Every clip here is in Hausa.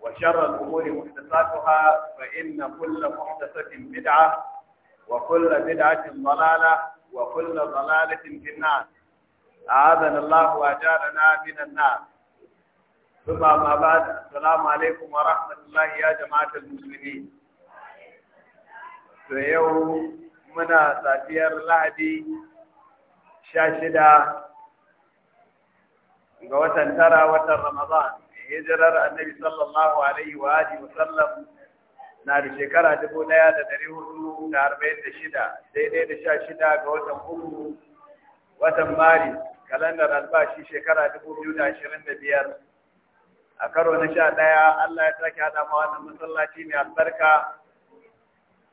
وشر الأمور محدثاتها فإن كل محدثة بدعة وكل بدعة ضلالة وكل ضلالة في النار أعاذنا الله وأجارنا من النار ثم ما بعد السلام عليكم ورحمة الله يا جماعة المسلمين فيوم منا ساتير لهدي شاشدة وتنترى وتر رمضان hijirar annabi sallallahu alaihi wa alihi musallam na da shekara dubu ɗaya da ɗari da arba'in da shida daidai da sha shida ga watan uku watan mari kalandar albashi shekara dubu da ashirin da biyar a karo na sha daya allah ya sake hada ma wannan masallaci mai albarka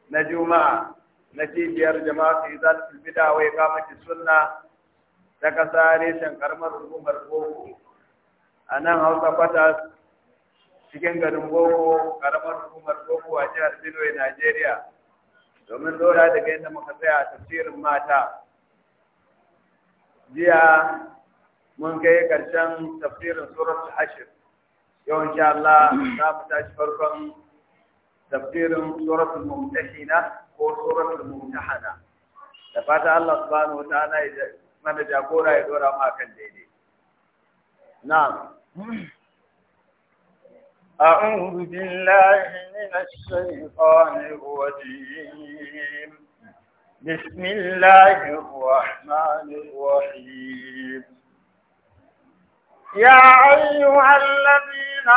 na juma'a na cibiyar jama'a su yi zata tulbida wai kamata sunna ta kasa reshen karamar hukumar boko a nan hausa kwata cikin garin boko karamar hukumar boko a jihar benue nigeria domin dora daga yadda muka tsaya a tafsirin mata jiya mun kai karshen tafsirin ta hashir yau insha Allah za mu tashi farkon tafsirin ta mumtahina ko ta mumtahana da fata Allah subhanahu ta'ala ya mana jagora ya dora mu kan daidai نعم أعوذ بالله من الشيطان الرجيم بسم الله الرحمن الرحيم يا أيها الذين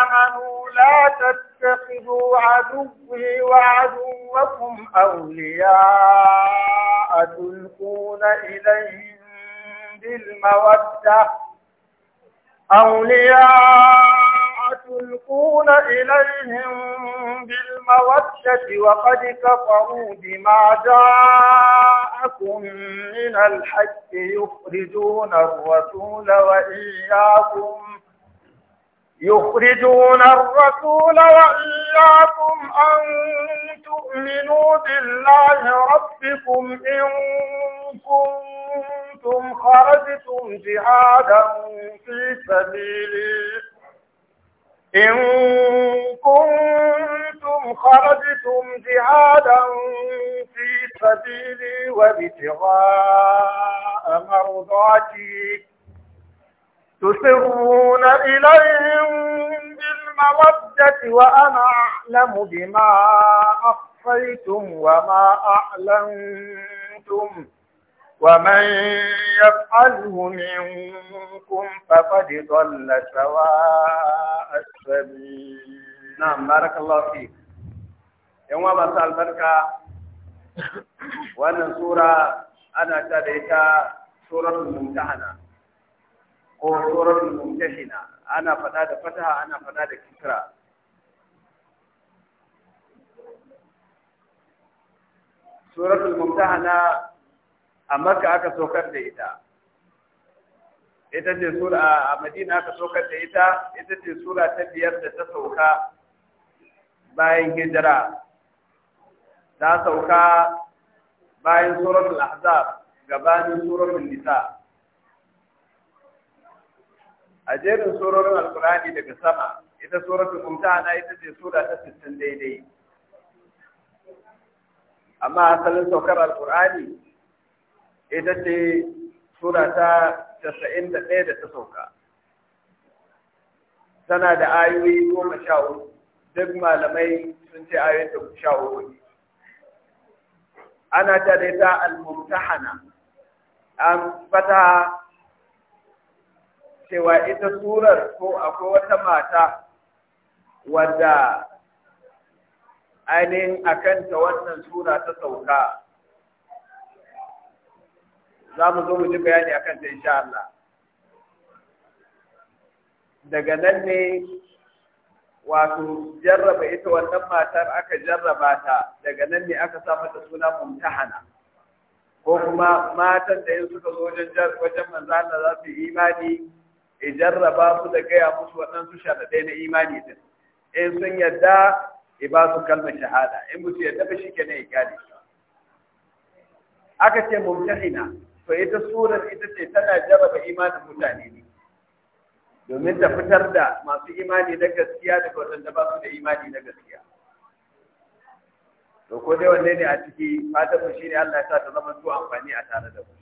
آمنوا لا تتخذوا عدوي وعدوكم أولياء تلقون إليهم بالمودة أولياء تلقون إليهم بالمودة وقد كفروا بما جاءكم من الحج يخرجون الرسول وإياكم يخرجون الرسول وإياكم أن تؤمنوا بالله ربكم إن كنتم خرجتم جهادا في سبيلي إن كنتم خرجتم جهادا في سبيلي وابتغاء مرضاتي تسرون إليهم بالمودة وأنا أعلم بما أخفيتم وما أعلنتم ومن يفعله منكم فقد ضل سواء السبيل نعم بارك الله فيك يوم wa masu وأنا سورة أنا ana سورة الممتحنة ko suratul mumtahina ana fada da fataha ana fada da kisra suratul mumtahana a makka aka saukar da ita ita ce sura a madina aka saukar da ita ita ce sura ta biyar da ta sauka bayan hijira ta sauka bayan suratul ahzab gabanin suratul nisa a jerin surorin alkurani daga sama ita suratul mumtahana ita ce sura ta 60 daidai amma asalin saukar alkurani ita ce sura ta 91 da ta sauka tana da ayoyi goma sha uku duk malamai sun ce ayoyin da sha uku ne ana ta da ita al-mumtahana an fata cewa ita surar ko akwai wata mata wadda ainihin a kanta wannan sura ta sauka za mu zo mu ji bayani a kanta insha Allah daga nan ne wato jarraba ita wannan matar aka jarraba ta daga nan ne aka sa mata suna mumtahana ko kuma matan da yin suka zo wajen wajen za su yi imani ya jarraba su da gaya musu waɗansu sharaɗai na imani din in sun yadda e ba su kalmar shahada in musu yadda ba shi kenan ya gane aka ce mumtahina to ita surar ita ce tana jarraba imanin mutane ne domin ta fitar da masu imani na gaskiya da waɗanda ba su da imani na gaskiya to ko dai wanne ne a ciki fatan shi ne Allah ya sa ta zama su amfani a tare da mu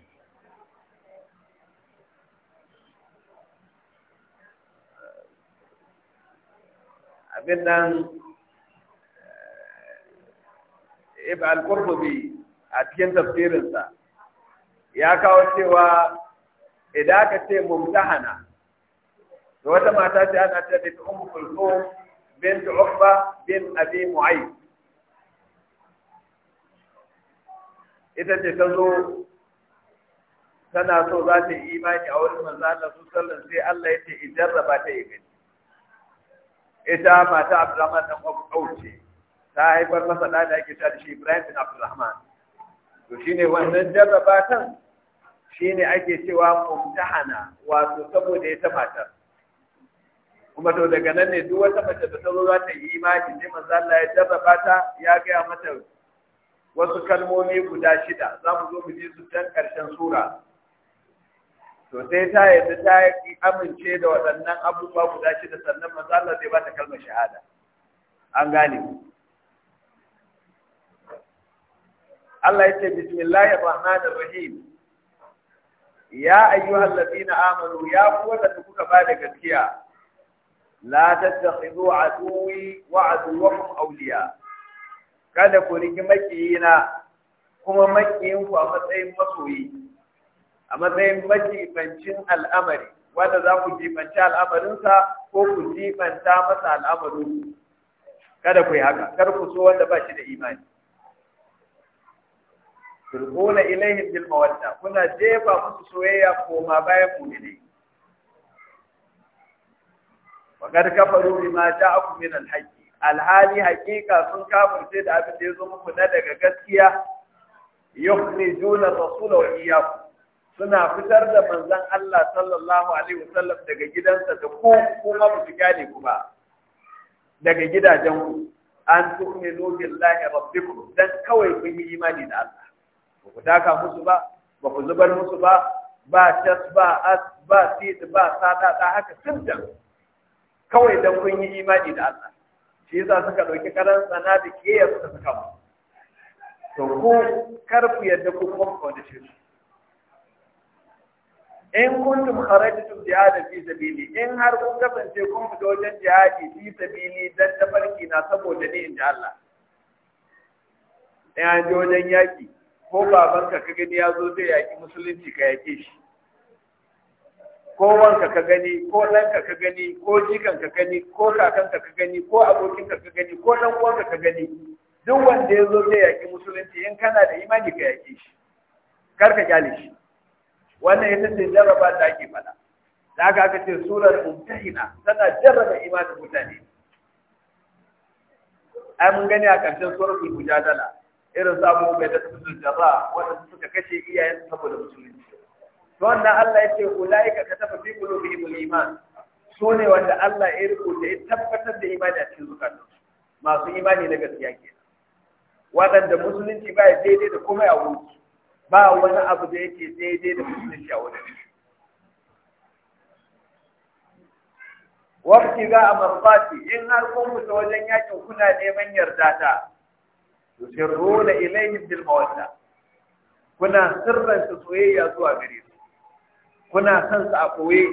abin nan eh, al-qurtubi a cikin tafsirinsa ya kawo cewa idan aka ce mumtahana to wata mata ce ana ce da ummu kulthum bint uqba bin abi mu'ayth ita ce ta zo tana so za ta yi imani a wurin manzo Allah su sallan sai Allah ya ce ijarraba ta yi gani ita mata Abdurrahman dan Abu ta haifar masa da da ake da shi Ibrahim bin Abdulrahman. to shine wannan shi ne ake cewa mumtahana wato saboda ita ta. kuma to daga nan ne duk wata mace da tsaro za ta yi imani ne manzo Allah ya jarraba ta ya gaya mata wasu kalmomi guda shida za mu zo mu ji su can ƙarshen sura to sai ta yadda ta amince da waɗannan abubuwa guda da sannan mazala zai ba ta kalmar shahada an gane Allah yace bismillahir da rahim ya ayyuhal ladina amanu ya ku kuka ba da gaskiya la tattakhidhu aduwi wa aduwwakum awliya kada ku riki makiyina kuma makiyin ku a matsayin masoyi a matsayin majibancin al'amari wanda za ku jibanci al'amarinsa ko ku jibanta masa al'amarin kada ku yi haka kar ku so wanda ba shi da imani turquna ilaihim bil mawadda kuna jefa musu soyayya ko ma bayan ku ne kafa kad ma ta aku min alhaki, alhali hakika sun kafirce da abin da zo muku na daga gaskiya yukhrijuna rasula wa iyyakum suna fitar da manzan Allah sallallahu alaihi wasallam daga gidansa da ko kuma ba su gane ku ba daga gidajen ku an tu'minu lahi rabbikum dan kawai kun yi imani da Allah ba ku daka musu ba ba ku zubar musu ba ba tas ba as ba sit ba sada da haka sintan kawai dan kun yi imani da Allah shi yasa suka dauki karan sana da kiyar suka mu to ku kar ku yadda ku kuma ku da shi in kuntum kharajtum jihada fi sabili in har kun kasance kun fita wajen jihadi fi sabili dan tafarki na saboda ni inji Allah in an je yaki ko baban ka gani ya zo zai yaki musulunci ka yake shi ko wanka ka gani ko ɗanka ka gani ko jikan ka gani ko kakanka ka gani ko abokinka ka gani ko ɗan uwan ka gani duk wanda ya zo zai yaki musulunci in kana da imani ka yake shi kar ka kyale shi wannan ita ce jarraba da ake faɗa da aka aka ce surar mumtahina tana jarraba imanin mutane ai mun gani a ƙarshen suratul mujadala irin su mai da su jarra wanda suka kashe iyayen saboda musulunci to wannan Allah ya ce ulaika katafa fi qulubihimul iman su ne wanda Allah ya rubuta ya tabbatar da imani a cikin zukatansu masu imani na gaskiya ke waɗanda musulunci ba ya daidai da kuma ya wuce ba wani abu da yake daidai da musulun a wani wabti za a masfati in har kun mutu wajen yakin kuna neman yarda ta tusirruna da ilayin mawadda kuna sirran su soyayya zuwa gare su kuna son su a koye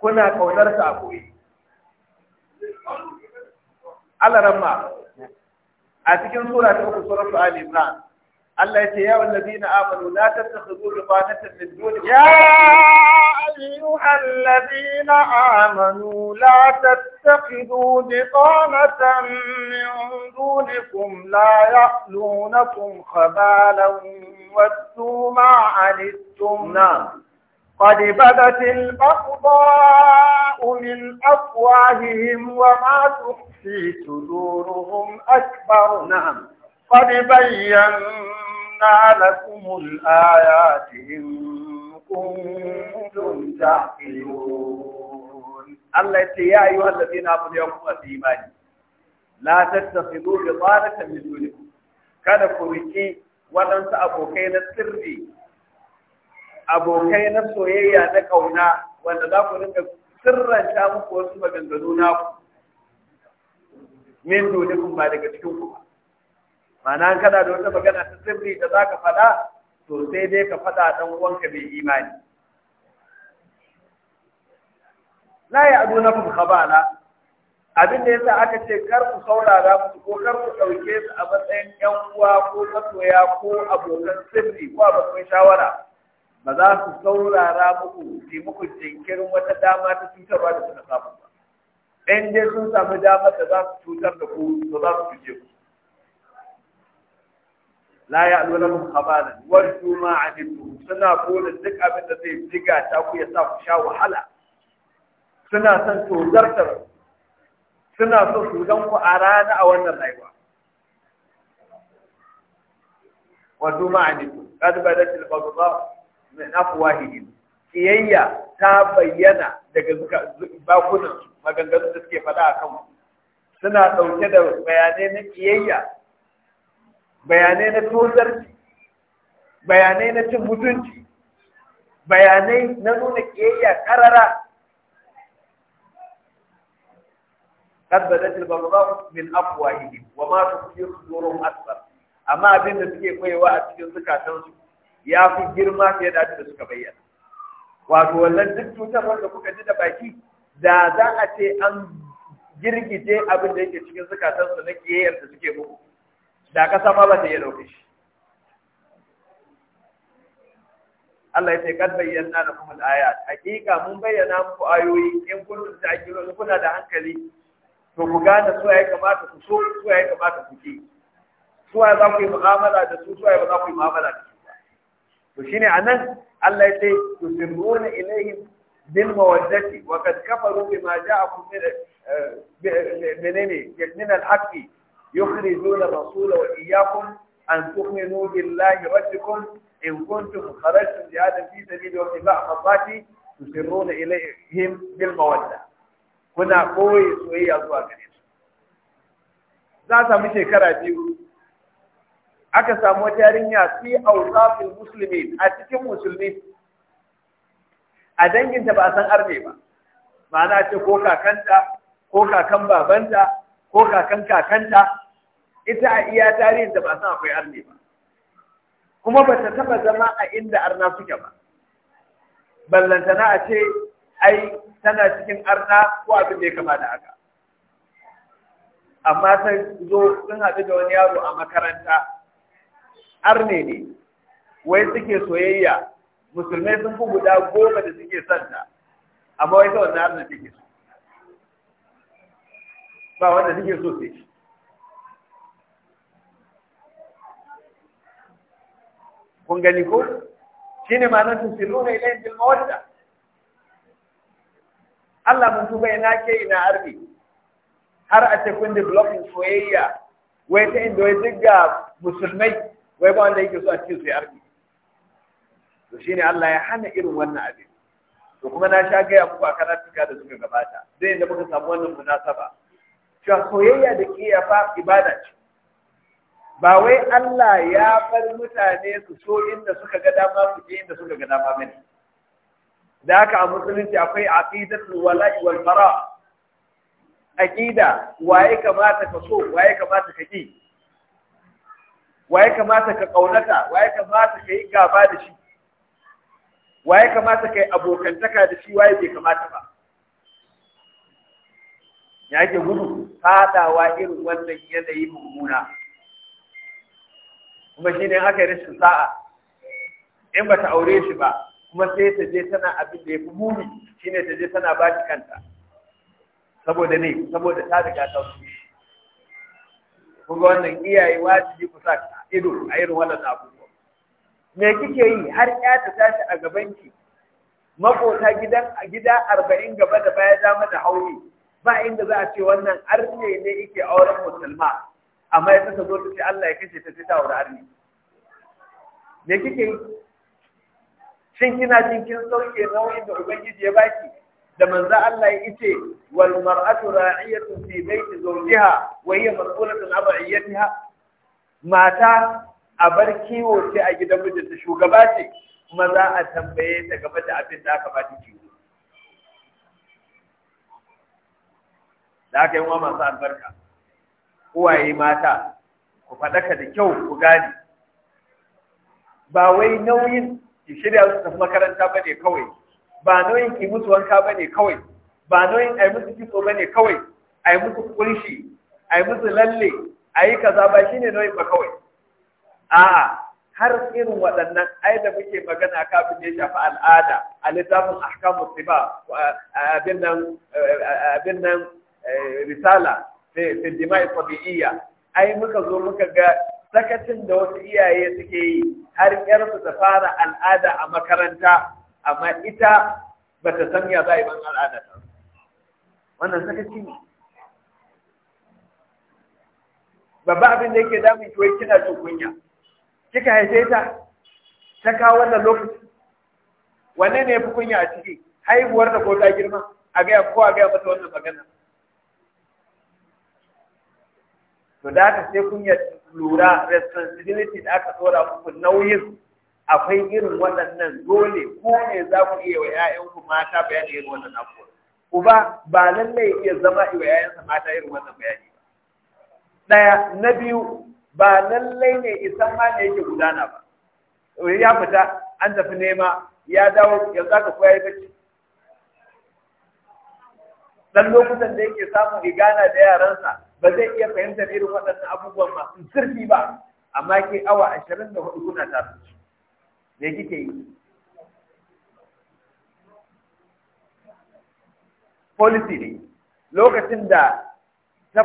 kuna kaunar su a koye Allah ramma a cikin sura ta uku suratul Ali Imran الله يتي يا الذين آمنوا لا تتخذوا بطانة من دون يا أيها الذين آمنوا لا تتخذوا بطانة من دونكم لا يألونكم خبالا ودوا ما عنتم نعم قد بدت البغضاء من أفواههم وما تخفي صدورهم أكبر نعم قد بينا لكم الآيات إن كنتم تعقلون الله يا أيها الذين آمنوا يوم الإيمان لا تتخذوا بطانة من دونكم كان كوريكي waɗansu abokai na sirri abokai na soyayya na ƙauna wanda za ku rinka sirranta muku wasu maganganu ku min dole kuma daga cikin ku mana kana da wata magana ta sirri da za ka faɗa to sai dai ka faɗa ɗan uwanka mai imani la ya adu na khabala abin da yasa aka ce kar ku saurara musu ko kar ku ɗauke su a matsayin 'yan uwa ko masoya ko abokan sirri ko abokan shawara ba za su saurara muku su muku jinkirin wata dama ta cutarwa da suka samu ba ɗan dai sun samu damar da za su cutar da ku ba za su cuce ku la ya alwala mun khabalan warju ma anittu suna kula duk abin da zai diga ta ku ya sa ku sha wahala suna son tozartar suna so su gan ku a rana a wannan rayuwa warju ma anittu qad badat al baghdha min afwahihim kiyayya ta bayyana daga bakunan maganganun da suke faɗa a kanmu suna ɗauke da bayanai na kiyayya bayanai na tozarci bayanai na cin mutunci bayanai na nuna ƙiyayya ƙarara min بدت البغضاء من افواههم وما تخفي صدورهم اكبر amma abin da suke koyewa a cikin zukatansu ya fi girma fiye da da suka bayyana wato wannan duk cutar wanda kuka ji da baki da za a ce an girgije abin da yake cikin zukatansu na kiyayyar da suke muku da ƙasa ma ba ta yi ɗauke shi Allah ya ce kad bayyana da kuma ayat hakika mun bayyana muku ayoyi in kun da ajiro kuna da hankali to ku gane su ya kamata ku so su ya kamata ku ki su ya za ku yi mu'amala da su su ya ba za ku yi mu'amala da su to shine anan Allah ya ce tusirruna ilaihim bil mawaddati wa kad kafaru bima ja'akum min menene min al-haqqi يخرجون الرسول وإياكم أن تؤمنوا بالله ربكم إن كنتم خرجتم جهادا في سبيل واتباع خطاتي تسرون إليهم بالمودة كنا قوي سوية zuwa gare su za samu shekara biyu aka samu wata yarinya fi awsafil muslimin a cikin musulmi a danginta ba a san arne ba ma'ana ce ko kakanta ko kakan babanta ko kakan kakanta ita a iya tarihin da ba san akwai arne ba kuma ba ta taba zama a inda arna suke ba ballantana a ce ai tana cikin arna ko abin da ya kama da aka. amma ta zo sun haɗu da wani yaro a makaranta arne ne wai suke soyayya musulmai sun fi guda goma da suke santa amma wai ta wannan arna take so ba wanda suke so sai shi kun gani ko shine ma'anar tusiruna ilayhim bil mawadda Allah mutu bai na ke yi na arbi har a ce kun blokin soyayya wai ta inda wai ga musulmai wai ba wanda yake so a cikin su arbi to shine Allah ya hana irin wannan abin to kuma na sha gaya muku a cika da suka gabata zai da muka samu wannan munasaba cewa soyayya da kiyafa ibada ce ba wai Allah ya bar mutane su so inda suka ga dama su je inda suka ga dama bane da haka a musulunci akwai aqidatul wala'i wal bara aqida waye kamata ka so waye kamata ka ki waye kamata ka kaunata waye kamata ka yi gaba da shi waye kamata ka yi abokantaka da shi waye bai kamata ba ya ke gudu fadawa irin wannan yanayi mummuna kuma shi ne haka rashin sa'a in ba ta aure shi ba kuma sai ta je tana abin da ya fi muni shi ne ta je tana ba shi kanta saboda ne saboda ta riga ta su kun ga wannan iyaye wajibi ku sa ido a irin wannan abubuwa me kike yi har ya ta tashi a gaban ki makota gidan gida arba'in gaba da baya dama da hauri ba inda za a ce wannan arziki ne yake auren musulma amma ya kasa zo ta ce Allah ya kashe ta ta aure arni me kike yi shin kina jin kin sauke nauyin da ubangiji ya baki da manzo Allah ya ce wal mar'atu ra'iyatu fi baiti zawjiha wa hiya mas'ulatu an ra'iyatiha mata a bar kiwo ce a gidan ta shugaba ce kuma za a tambaye ta game da abin da aka ba ta kiwo da aka yi wa masu albarka kowaye mata ku faɗaka da kyau ku gane ba wai nauyin ki shirya su tafi makaranta ba ne kawai ba nauyin ki musu wanka ba ne kawai ba nauyin a musu kitso ba ne kawai a musu kunshi a musu lalle a yi kaza ba shi ne nauyin ba kawai a'a har irin waɗannan ai da muke magana kafin da ya shafi al'ada a littafin ahkamu siba abin nan eh, eh, risala Eh, fi dima'i tabi'iyya ai muka zo muka ga sakacin da wasu iyaye suke yi har yar su ta fara al'ada a makaranta amma ita ba san ya za a yi ban al'ada ta wannan sakaci ne babba abin da yake damun ki wai kina jin kunya kika haife ta ta kawo wannan lokaci wanne ne ya fi kunya a ciki haihuwar da ko ta girma a gaya ko a gaya mata wannan magana to da ka sai kun ya lura responsibility da aka tsora muku nauyin akwai irin waɗannan dole ko ne za ku iya wa 'ya'yanku mata bayani irin wannan abubuwa ku ba lallai iya zama iya yayansa mata irin wannan bayani ba ɗaya na biyu ba lallai ne isan ma ne yake gudana ba ya fita an tafi nema ya dawo yanzu aka koya yi bacci dan lokutan da yake samun igana da yaransa ba zai iya fahimtar irin waɗannan abubuwan masu zurfi ba amma ke awa ashirin da hudu kuna tafi me kike yi policy ne lokacin da ta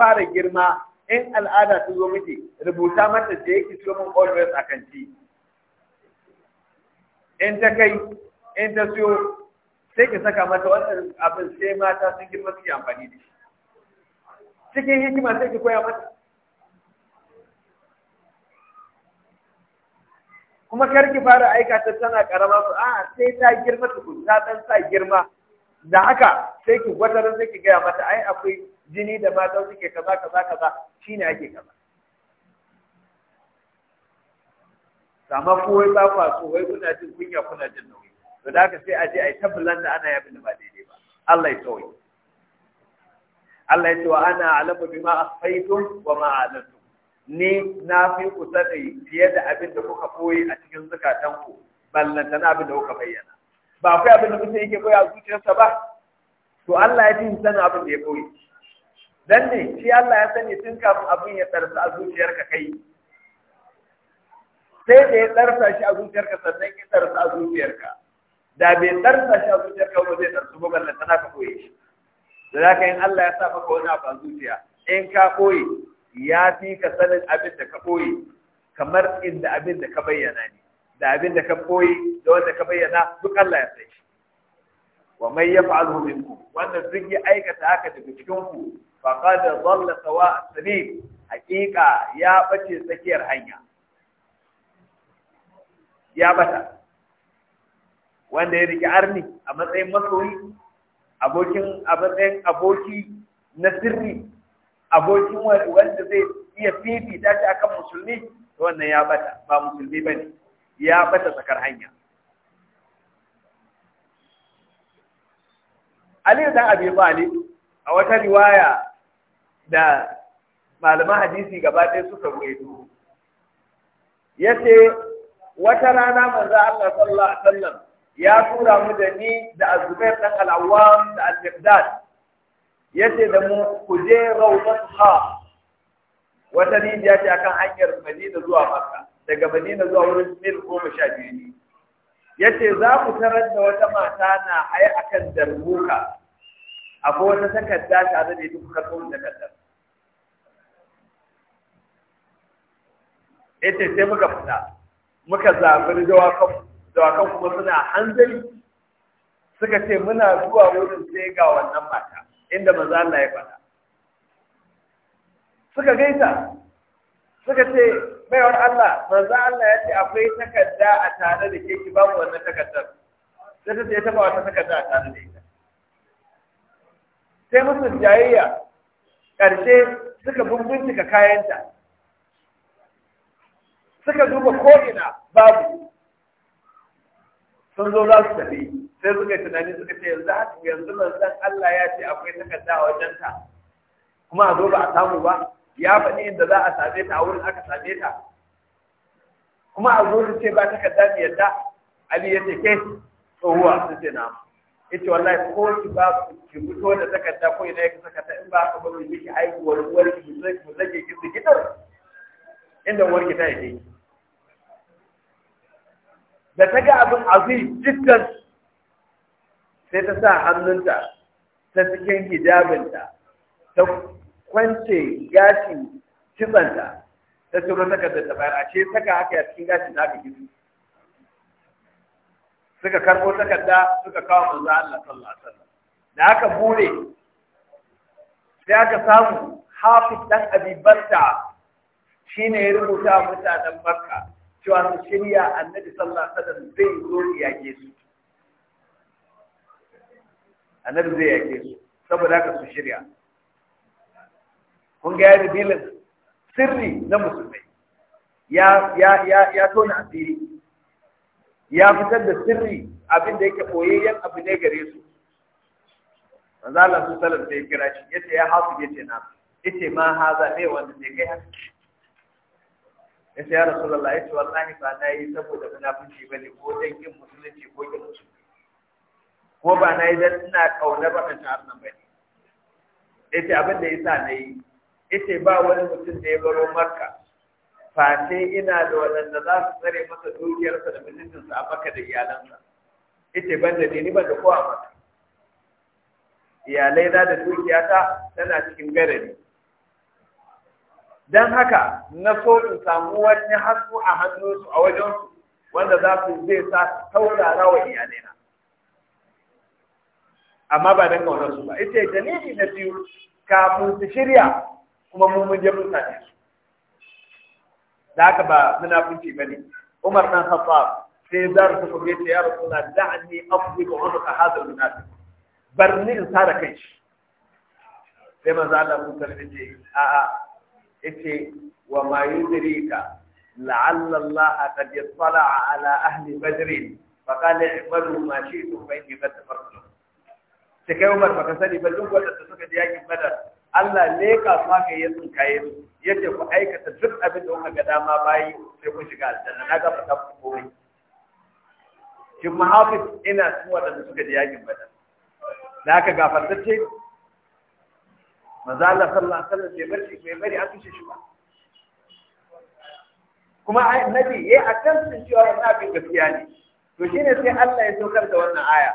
fara girma in al'ada ta zo miki rubuta mata da yake min always a kan ci in ta kai in ta siyo sai ki saka mata wannan abin sai mata sun girma suke amfani da shi cikin hikima sai ki koya mata kuma kar ki fara aika ta tana karama su a sai ta girma tukun ta dan sa girma da haka sai ki gwatar sai ki gaya mata ai akwai jini da mata suke kaza kaza kaza shine ake kaza amma ko wai ba fa so wai kuna jin kunya kuna jin nauyi to da haka sai a je a yi tabbalan da ana yabi da ba daidai ba Allah ya tsoye Allah ya ce wa ana alamu bima asfaitum wa ma alantum ni na fi ku sani fiye da abin da kuka koyi a cikin zukatanku ballantana abin da kuka bayyana ba akwai abin da mutum yake koyi a zuciyarsa ba to Allah ya fi sanin abin da ya koyi dan ne shi Allah ya sani tun kafin abin ya tsarsa a zuciyarka kai sai da ya tsarsa shi a zuciyarka sannan ya tsarsa a zuciyarka da bai tsarsa shi a zuciyarka ba zai tsarsu ba ballantana ka koye shi da in Allah ya sa maka wani abu a zuciya in ka koyi ya fi ka sanin abin da ka koyi kamar inda abin da ka bayyana ne da abin da ka koyi da wanda ka bayyana duk Allah ya sai shi wa man yaf'alhu minkum wanda duk ya aikata haka daga cikin ku zalla dhalla sawa'a sabil hakika ya bace tsakiyar hanya ya bata wanda ya rike arni a matsayin masoyi abokin a matsayin aboki na sirri abokin wanda zai iya fifita ce akan musulmi wannan ya bata ba musulmi ba ne ya bata tsakar hanya Ali da Abi bali a wata riwaya da malaman hadisi gaba ɗaya suka Ya yace wata rana manzo Allah sallallahu alaihi wasallam ya tura mu da ni da azubair dan al'awam da al-miqdad yace da mu ku je rawdatha wata rijiya ce akan hanyar Madina zuwa Makka daga Madina zuwa wurin mil goma sha biyu ne yace za ku tarar da wata mata na haye akan darbuka akwai wata takarda tare da ita kuka kawo takardar yace sai muka fita muka zabiri dawakan dawakan kuma suna hanzari suka ce muna zuwa wurin sai ga wannan mata inda maza Allah ya faɗa suka gaita suka ce baiwar Allah maza Allah ya ce akwai takarda a tare da ke ki babu wannan takardar sai ta ce ta ba wata takarda a tare da ita sai musu jayayya karshe suka bumbuncika kayanta suka duba ko'ina babu sun zo za su tafi sai suka yi tunani suka ce yanzu yanzu san Allah ya ce akwai takarda a wajenta kuma a zo ba a samu ba ya faɗi inda za a same ta a wurin aka same ta kuma a zo su ce ba takarda mai yadda Ali ya ce ke tsohuwa sun ce na ita wallahi ko ki ba ki fito da takarda ko ina ya saka ta in ba ka bari miki haihuwar uwar ki mu zage ki zikitar inda uwar ki ta yake da ta ga abin azim jiddan sai ta sa hannunta ta cikin hijabinta ta kwance gashi cibanta, ta ta takardar ta bayar ashe saka haka ya cikin gashin da haka gizo suka karbo takarda suka kawo manzo Allah sallallahu alaihi wasallam da aka bure sai aka samu hafi dan Abibarta shine ya rubuta mutanen Makka cewa su shirya annabi sallallahu alaihi wasallam zai zo yake su annabi zai yake su saboda haka su shirya kun ga ya dalilin sirri na musulmai ya ya ya ya tona asiri ya fitar da sirri abin da yake koyayyen abu ne gare su manzo Allah sallallahu alaihi wasallam sai kira shi yace ya hasu yace na yace ma haza ne wanda ne kai haske ya sai ya rasulullah ya ce wallahi ba na yi saboda munafunci ne, ko dan yin musulunci ko yin musulunci ko ba na yi dan ina kauna ba na shahar nan Ya ce abin da ya sa na yi ce ba wani mutum da ya baro makka face ina da waɗanda za su tsare masa dukiyarsa da mutuncinsa a maka da iyalansa ce ban da ni ban da kowa maka iyalai na da dukiyata tana cikin garari don haka na so in samu wani hasu a hannunsu a wajensu wanda za su zai sa taurara wa iyalina amma ba don su ba ita dalili na biyu kafin su shirya kuma mun mun je mun same su da haka ba munafunci bane Umar dan Khattab sai za su kuma yace ya Rasulullah wani ka unqa da nasu Bar ni in sa da kai shi sai manzo Allah mun tarbi ce a yace wa ma yudrika la'alla Allah qad yattala'a ala ahli badr fa qala ibadu ma shi'tum fa inni qad tafarratu sai kai Umar baka sani ba duk wanda suka je yakin Badar Allah ne ka fa ka yi sun kai yace ku aikata duk abin da kuka ga dama bayi sai ku shiga aljanna na ga fada ku komai shi muhafiz ina cikin wadanda suka je yakin Badar da aka gafartacce Maza Allah sallallahu alaihi wasallam bai bari bai bari an kishi shi ba kuma annabi yayi akan cewa yana bin gaskiya ne to shine sai Allah ya saukar da wannan aya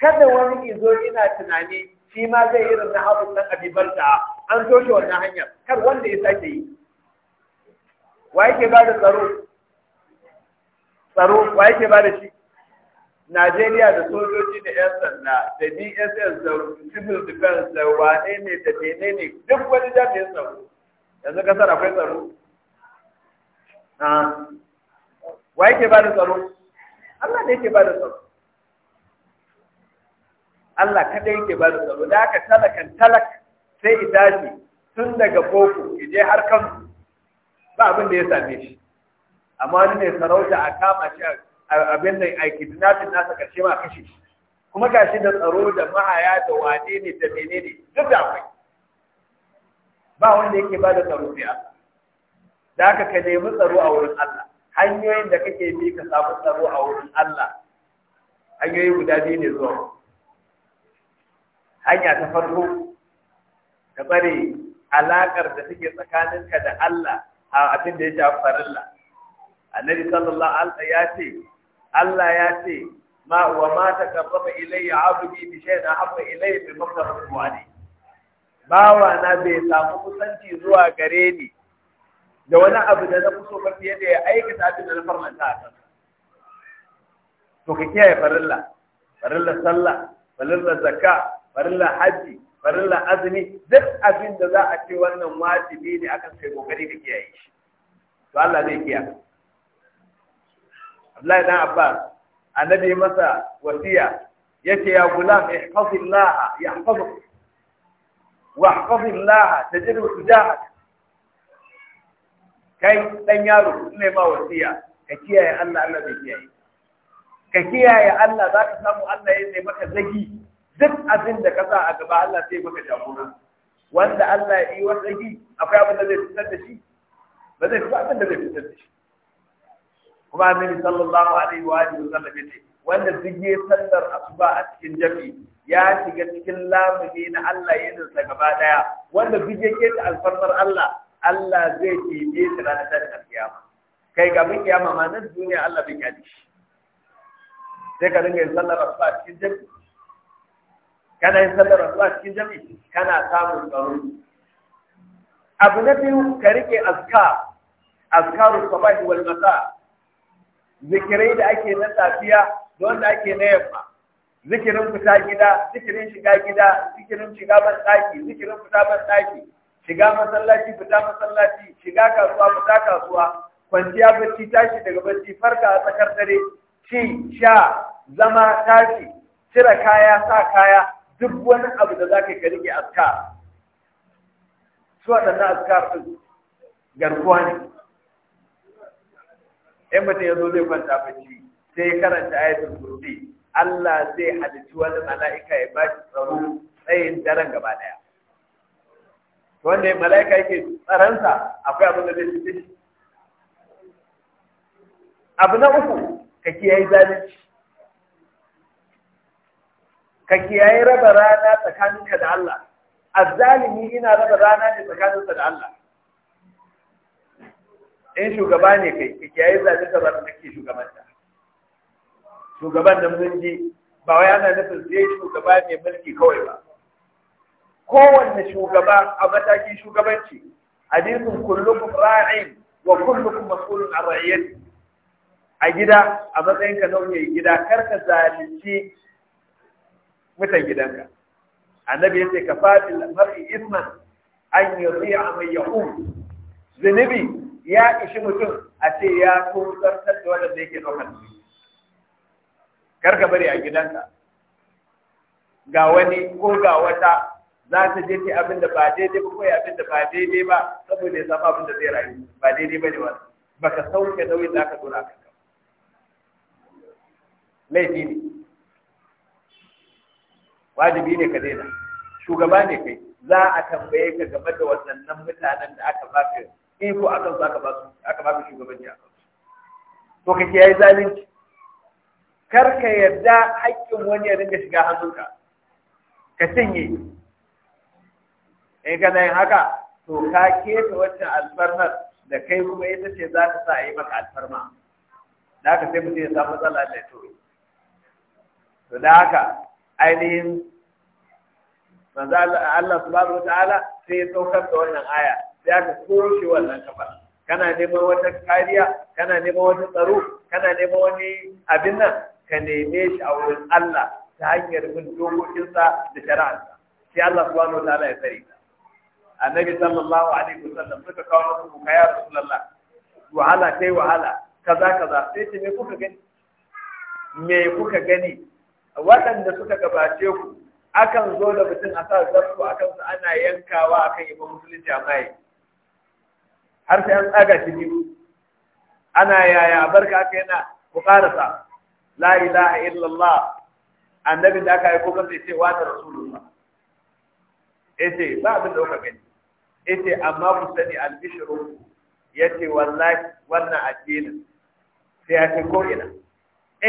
kada wani izo ina tunani shi ma zai irin na abin nan abibarta an so shi wannan hanyar kar wanda ya sake yi wa yake ba da tsaro tsaro wa yake ba da shi Najeriya da sojoji da 'yan sanda da DSS da civil defense da wane ne da mene ne duk wani jami'in tsaro yanzu kasar akwai tsaro wa yake ba da tsaro Allah ne yake ba da tsaro Allah kada yake ba da tsaro da aka talakan talak sai idaji tun daga boko ije har kan ba abin da ya same shi amma wani ne sarauta a kama shi abin da aiki, kidnapping nasa karshe ma kashe shi kuma gashi da tsaro da mahaya da wane ne da ne duk da akwai ba wanda yake ba da tsaro sai Allah da aka ka nemi tsaro a wurin Allah hanyoyin da kake bi ka samu tsaro a wurin Allah hanyoyi guda biyu ne zuwa hanya ta farko ka bare alakar da take tsakaninka da Allah a abin da ya shafi farilla annabi sallallahu alaihi wa ya ce Allah ya ce ma wa ma ya ilayya 'abdi bi na ahabba ilayya bi ne. bawa na bai samu kusanci zuwa gare ni da wani abu da na kuso ba fiye da ya aikata abin da na farmanta a kan to ka kiyaye farilla farilla sallah farilla zakka farilla hajji farilla azumi duk abin da za a ce wannan wajibi ne akan kai kokari ka kiyaye shi to Allah zai kiyaye Abdullahi dan Abbas annabi masa wasiya yace ya gulam ihfazillah yahfazuk wa ihfazillah tajidu tujahak kai dan yaro ne ma wasiya ka kiyaye Allah Allah zai kiyaye ka kiyaye Allah za ka samu Allah ya zai maka zagi duk abin da ka sa a gaba Allah zai maka jagora wanda Allah ya yi wa zagi akwai abin da zai fitar da shi ba zai fi abin da zai fitar da shi kuma annabi sallallahu alaihi wa alihi wasallam yace wanda duk ya sallar asuba a cikin jami ya shiga cikin lamuni na Allah yanin sa gaba daya wanda duk ya keta alfarmar Allah Allah zai kiyaye shi ranar tashin kiyama kai ga mun kiyama ma nan duniya Allah bai kiyaye shi sai ka dinga yin sallar asuba a cikin jami kana yin sallar asuba a cikin jami kana samun tsaro abu na biyu ka rike azkar azkarus sabahi wal masa zikirai da ake na safiya da wanda ake na yamma zikirin fita gida zikirin shiga gida zikirin shiga ban daki zikirin fita ban daki shiga masallaci fita masallaci shiga kasuwa fita kasuwa kwanciya bacci tashi daga bacci farka a tsakar dare ci sha zama tashi cire kaya sa kaya duk wani abu da zaka ka rike askar su waɗannan askar garkuwa ne in mutum ya zo zai kwanta bacci sai ya karanta ayatul kursi Allah zai halicci wani mala'ika ya ba shi tsaro tsayin daren gaba daya wanda ya mala'ika yake tsaransa akwai abin da zai fice shi abu na uku ka kiyaye zalunci ka kiyaye raba rana tsakaninka da Allah azzalimi ina raba rana ne tsakaninsa da Allah in shugaba ne kai ka kiyaye zaɓe ka zaɓe take ke shugabanta shugaban da mun ji ba wai ana nufin zai shugaba mai mulki kawai ba kowanne shugaba a matakin shugabanci hadisin kullukum ra'in wa kullukum mas'ulun an ra'iyati a gida a matsayin ka nauye gida kar ka zalunci mutan gidanka annabi yace ka fadil mar'i isman an yuri'a man yaqum zunubi ya ishi mutum a ce ya tsantsar da wanda yake ɗaukar nauyi kar ka bari a gidanka ga wani ko ga wata za ta je ce abin da ba daidai ba ko abin da ba daidai ba saboda ya samu abin da zai rayu ba daidai ba ne Ba baka sauke nauyin da aka tura ka laifi ne wajibi ne ka daina shugaba ne kai za a tambaye ka game da waɗannan mutanen da aka baka iko eh, a aka ba aka shugabanci a kansu to kake yayi zalunci kar ka yarda haƙƙin wani ya dinga shiga hannunka ka cinye in kana yin haka to ka keta wacce alfarmar da kai kuma ita ce za ka sa a yi maka alfarma da haka sai mutum ya samu matsala da to to da haka ainihin Allah subhanahu ta'ala sai ya saukar da wannan aya sai aka koro shi wannan kafa kana neman wata kariya kana neman wani tsaro kana neman wani abin nan ka neme shi a wurin Allah ta hanyar bin dokokinsa da shari'arsa sai Allah subhanahu wa ta'ala ya tsare ka annabi sallallahu alaihi wasallam suka kawo musu kuka ya lalla. wahala kai wahala kaza kaza sai ce me kuka gani me kuka gani waɗanda suka gabace ku akan zo da mutum a sa zarto akan su ana yankawa akan yi musulunci a mai har sai an tsaga shi biyu ana yaya barka aka yana ku karasa la ilaha illallah annabi da aka yi masa sai wa da rasulullah yace ba abin da kuka gani yace amma ku sani al-bishru yace wallahi wannan addinin sai ya ce ko ina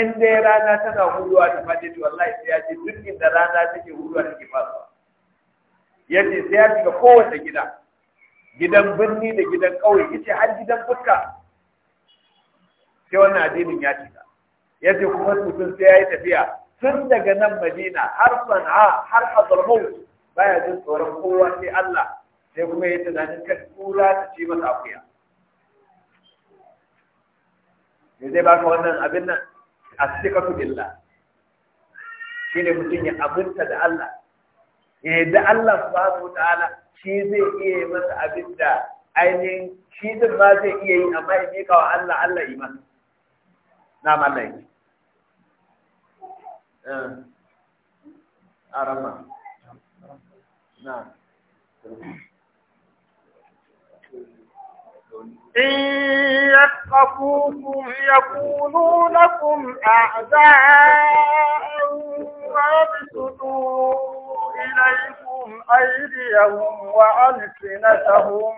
in dai rana tana huduwa ta fadi to wallahi sai ya ce duk inda rana take huduwa take faduwa yace sai ya shiga kowace gida gidan birni da gidan ƙauye yace har gidan fuska sai wannan addinin ya cika yace kuma mutum sai yayi tafiya tun daga nan Madina har Sana'a har Hadramaut baya jin tsoron kowa sai Allah sai kuma yayi tunanin kan kura ta ci masa akuya me zai baka wannan abin nan asikatu billah shine mutum ya abinta da Allah ya da Allah subhanahu wataala shi zai iya yi masa abin da ainihin shi din ma zai iya yi amma in mika wa Allah Allah yi masa na Allah yi arama na إن يثقفوكم يكونوا لكم أعداء ويبسطوا إليكم أيديهم وألسنتهم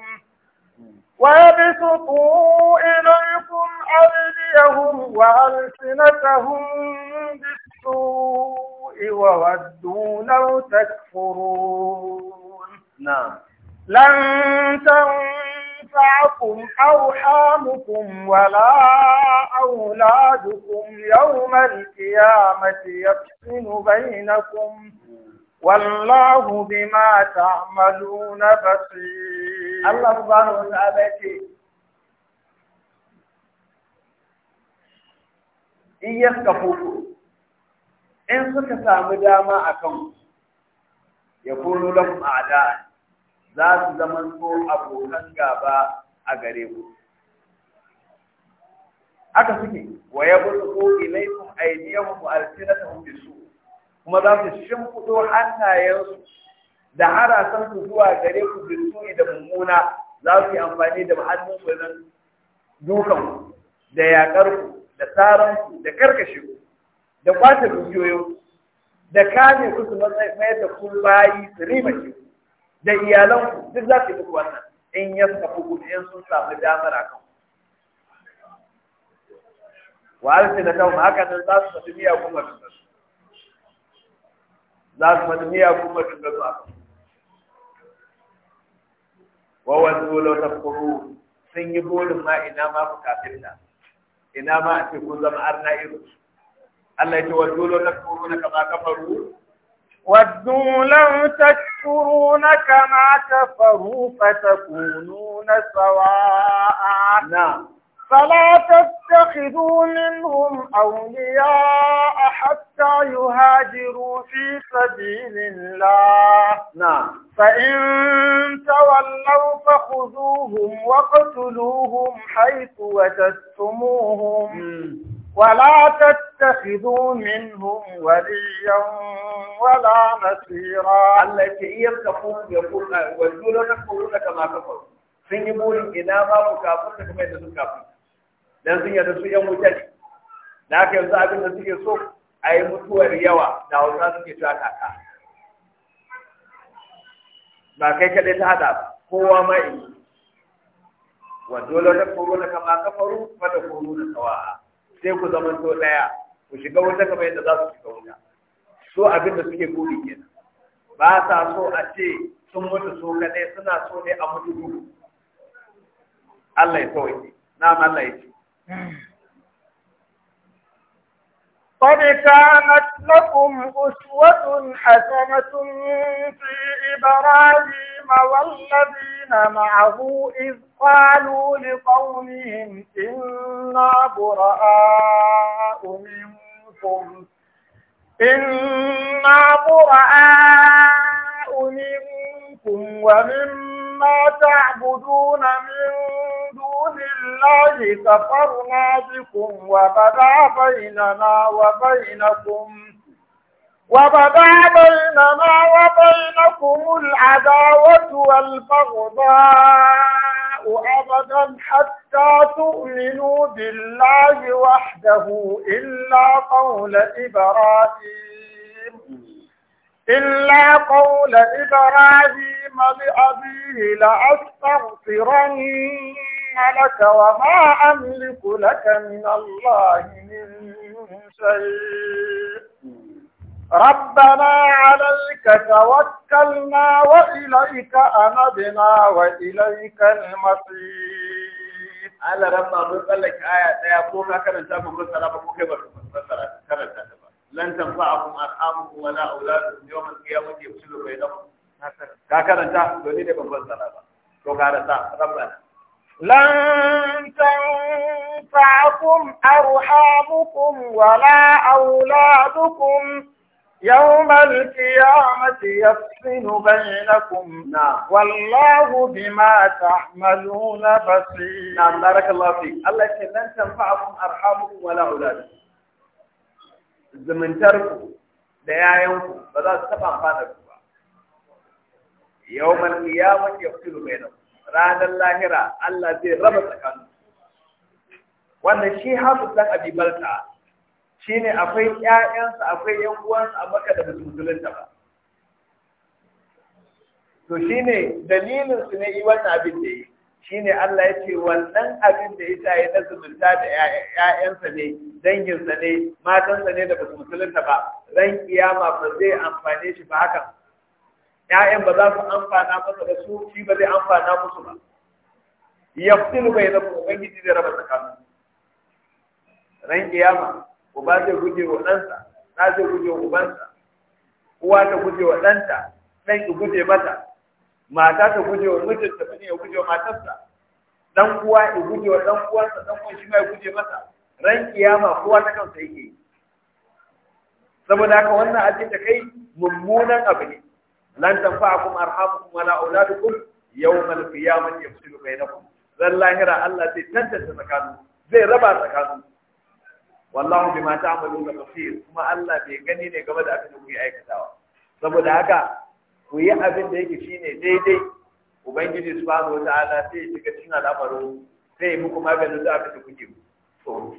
ويبسطوا إليكم أيديهم وألسنتهم بالسوء وودوا لو تكفرون نعم لن تنفعكم أرحامكم ولا أولادكم يوم القيامة يفصل بينكم wallahu bima ta'maluna basir Allah subhanahu wa ta'ala ce in yaskafu in suka samu dama akan yakunu lahum a'da za su zama so abokan gaba a gare ku haka suke wa yabulu ilaykum aydiyahum wa alsinatahum bisu kuma za su shimfiɗo hannayensu da harasansu zuwa gare ku bilsuni da mummuna za su yi amfani da hannunku nan dukan da yaƙarku da ku da karkashe ku da kwace dukiyoyin da kame ku su mayar da ku bayi su ribace da iyalanku duk za su yi duk wannan in ya suka in sun samu damar akan wa alfi da kan haka nan za su tafi miyagun su. za su faɗi miya kuma dangane a kan wawan dole ta kuru sun yi bolin ma ina ma ku kafin ina ma a ce zama arna irin Allah ya ce wa dole ta kuru na kama kafaru ودوا لو تكفرون كما كفروا فتكونون نعم فلا تتخذوا منهم أولياء حتى يهاجروا في سبيل الله نعم فإن تولوا فخذوهم واقتلوهم حيث وجدتموهم ولا تتخذوا منهم وليا ولا نصيرا التي يرتقون يقول آه، والذين يكفرون كما كفروا sun إذا ما ina ba ku kafin dan sun yarda su yan wuta ne da aka yanzu abin da suke so a yi mutuwar yawa da hausa suke cewa kaka ba kai kaɗai ta hada kowa ma yi wa dole ta koro da kama kafaru ba da koro da sawa'a sai ku zama to ɗaya ku shiga wuta kamar yadda za su shiga wuta so abin da suke buɗe kenan ba sa so a ce sun mutu so kaɗai suna so ne a mutu duhu Allah ya sauke na Allah ya ce قد كانت لكم أسوة حسنة في إبراهيم والذين معه إذ قالوا لقومهم إنا براء منكم إنا براء منكم ومما تعبدون من دون الله كفرنا بكم وبدا بيننا وبينكم وبدا بيننا وبينكم العداوة والبغضاء أبدا حتى تؤمنوا بالله وحده إلا قول إبراهيم إلا قول إبراهيم لأبيه لأستغفرن إن لك وما أملك لك من الله من شيء ربنا عليك توكلنا وإليك أنبنا وإليك المصير على ربنا نقول لك آية يقول لك أن تأمر رسالة بكبر رسالة لن تنفعكم أرحامكم ولا أولادكم يوم القيامة يفصل بينكم هكذا. نعم. نتا دوني دي بمبرزالة تو كارتا ربنا لن تنفعكم أرحامكم ولا أولادكم يوم القيامة يفصل بينكم نعم والله بما تعملون بصير نعم بارك الله فيك الله يقول لن تنفعكم أرحامكم ولا أولادكم زمنتركم دعايكم فلا تتبع فانكم يوم القيامة يفصل بينكم ranar lahira Allah zai raba tsakanin wannan shi hafi dan abi balta shine akwai ƴaƴansa akwai ƴan uwansa a maka da musulunta ba to shine dalilin su ne yi wannan abin da yi shine Allah ya ce wannan abin da ita yi na zumunta da ‘ya'yansa ne, danginsa ne, matansa ne da musulunta ba, ran kiyama ba zai amfane shi ba haka. Ya'yan ba za su amfana masa da su shi ba zai amfana musu ba Ya fi yaftilu bai da ubangiji zai raba tsakanin ran kiyama uba zai guje wa ɗansa na zai guje wa ubansa uwa ta guje wa ɗanta ɗan ki guje mata mata ta guje wa mijinta mijin ya guje wa matarsa dan uwa ya guje wa dan uwansa ɗan uwan shi ma ya guje mata. ran kiyama kowa ta kansa yake saboda haka wannan abin ta kai mummunan abu ne lan tanfa'akum arhamukum wala auladukum yawmal qiyamati yafsilu bainakum zan lahira Allah zai tantance tsakanin zai raba tsakanin wallahu bima ta'maluna basir kuma Allah bai gani ne game da abin da kuke aikatawa saboda haka ku yi abin da yake shine daidai ubangiji subhanahu wata'ala sai ya shiga cikin al'amarin sai muku maganin da abin da kuke so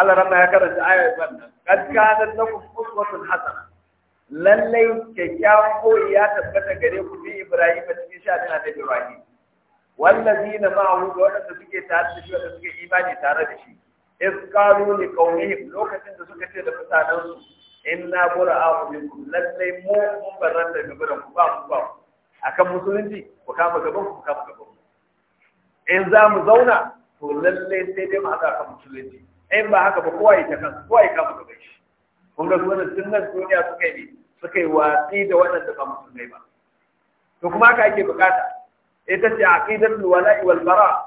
Allah rabba ya karanta ayar wannan kad kanat lakum uswatun hasana lallai kyakkyawan koyi ya tabbata gare ku bi Ibrahim a cikin sha tana da Ibrahim wallazina ma'ahu da wanda suke tare da shi wanda suke imani tare da shi iz qalu li qawmihim lokacin da suka ce da mutanen su inna bura'u minkum lallai mu mun barranta da gaban ku ba ku ba akan musulunci ku kama gaban ku kama gaban in za mu zauna to lallai sai dai mu haɗa kan musulunci in ba haka ba kowa ya ta kansa kowa ya kama gaban shi kun ga wannan duniya suka yi suka yi watsi da waɗanda ba musulmai ba to kuma ka ake bukata ita ce aqidatul luwala iwal bara